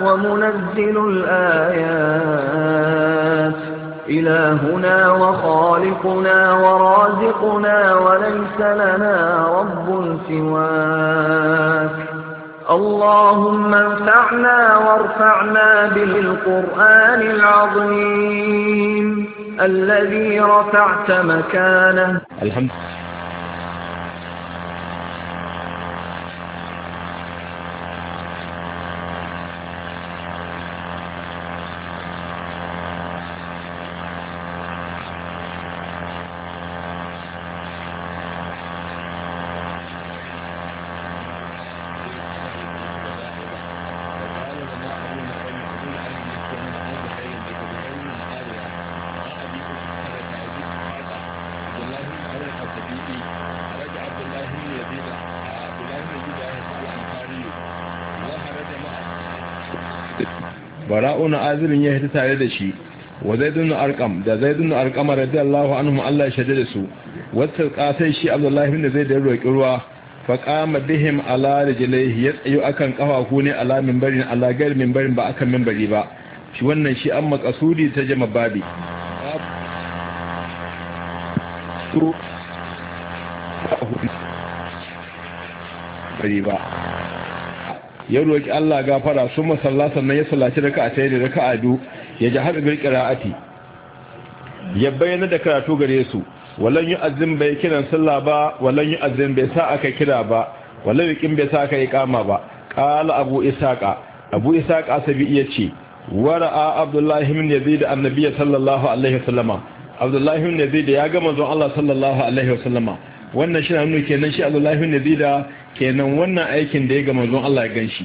ومنزل الآيات إلهنا وخالقنا ورازقنا وليس لنا رب سواك اللهم انفعنا وارفعنا بالقرآن العظيم الذي رفعت مكانه الحمد bara'un azirin ya hita tare da shi wa zaidun arqam da zaidun arqam radiyallahu anhum Allah ya da su wata kasai shi Abdullahi bin Zaid ya roki ruwa fa qama bihim ala ya tsayo akan kafafu ne ala minbarin ala gar minbarin ba akan minbari ba shi wannan shi an makasudi ta jama babi ba ya roƙi Allah gafara sun masalla sannan ya sallaci raka a tsaye da raka a biyu ya ji haɗa ra'ati ya bayyana da karatu gare su walan yi azin bai kiran sallah ba walan yi azin bai sa aka kira ba walan yi bai sa aka yi kama ba ƙala abu isaƙa abu isaƙa sabi iya ce wara'a abdullahi min da annabiya sallallahu alaihi wasallama abdullahi min da ya gama zuwa Allah sallallahu alaihi wasallama wannan shi na nuna kenan shi abdullahi min da. kenan wannan aikin da ya ga manzon Allah ya ganshi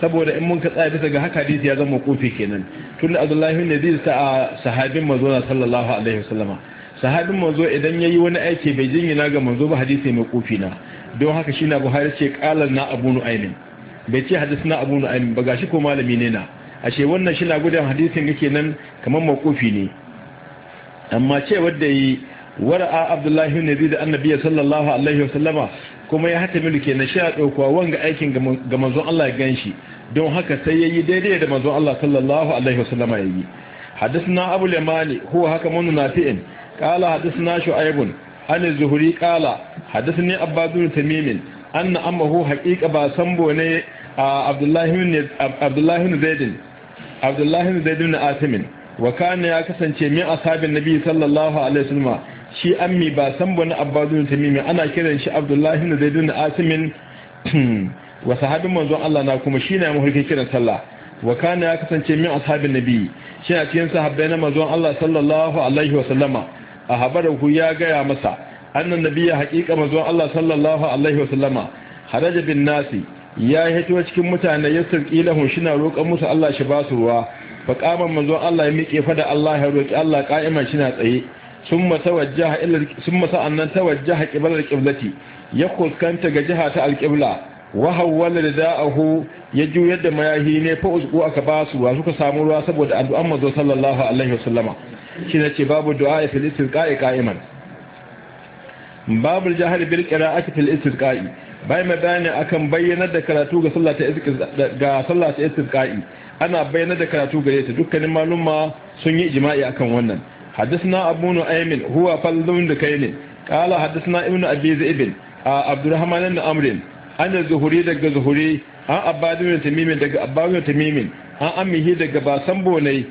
saboda in mun ka tsaya bisa ga haka hadisi ya zama kofi kenan tunda Abdullahi bin Yazid sa sahabin manzo sallallahu alaihi wasallama sahabin manzo idan yayi wani aiki bai jinyina ga manzo ba hadisi mai kofi na don haka shi na Buhari ce qala na Abu Nu'aym bai ce na Abu Nu'aym ba gashi ko malami ne na ashe wannan shi na gudan hadisin yake nan kamar makofi ne amma ce wanda yi wara'a Abdullahi bin Yazid annabi sallallahu alaihi wasallama kuma ya hata mulki na sha ɗaukuwa wanga aikin ga manzon Allah ya ganshi don haka sai ya yi daidai da manzon Allah sallallahu alaihi wasallam ya yi hadisna abu lamani huwa haka mun nafi'in qala hadisna shu'aibun an zuhuri qala hadisni abbadun tamimin anna amahu haqiqa ba sambo ne abdullahi ibn abdullahi ibn zaid abdullahi ibn zaid ibn asim wa kana ya kasance mi ashabin nabi sallallahu alaihi wasallam shi ammi ba san bani abbadun tamimi ana kiran shi abdullahi na zaidun asimin wa sahabin manzon Allah na kuma shi ne mahulki kiran sallah wa kana ya kasance min ashabin nabi shi cikin sahabbai na manzon Allah sallallahu alaihi wa sallama a habarahu ya gaya masa annan nabiya haƙiƙa manzon Allah sallallahu alaihi wa sallama haraja bin nasi ya hito cikin mutane ya sirki lahun shi na roƙon musu Allah shi ba su ruwa fa kama manzon Allah ya miƙe fa da Allah ya roƙi Allah ka'iman shi na tsaye Sun tawajjaha ila summa sa'annan tawajjaha qibla al-qiblati ya kuskanta ga jiha ta al-qibla wa hawwala rida'ahu ya juyar da mayahi ne fa usbu aka ba su wa suka samu ruwa saboda addu'an manzo sallallahu alaihi wasallama shi ne ce babu du'a fil istirqa'i qa'iman babu jahar bil qira'ati fil istirqa'i bai ma bayani akan bayyana da karatu ga sallah ta ga sallah ta istirqa'i ana bayyanar da karatu gare ta dukkanin maluma sun yi ijma'i akan wannan حدثنا أبو نعيم هو فلذون دكين قال حدثنا ابن أبي زئب عبد الرحمن بن أمر أن الزهري دك الزهري أن أباد بن تميم دك أباد بن تميم أن أمه دك باسم بوني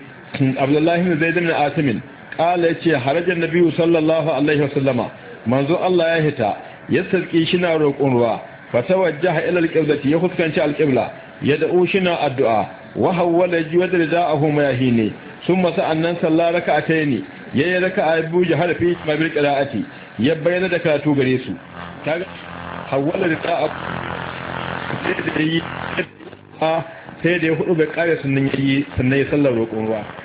عبد الله بن زيد بن آسم قال يتي حرج النبي صلى الله عليه وسلم منذ الله يهتا يستلقي شنا روكون روا فتوجه إلى القبلة يخذ كانت القبلة يدعو شنا الدعاء وهو لجي ودرداءه ما يهيني sun masu annan sallah raka a ta ne ya yi raka a biyu ya harfi mabil ƙira'ati ya bayyana da karatu gare su ta ga hawala da ta'a sai da ya yi a sai da ya hudu bai kare sannan ya yi sannan ya sallar roƙon ruwa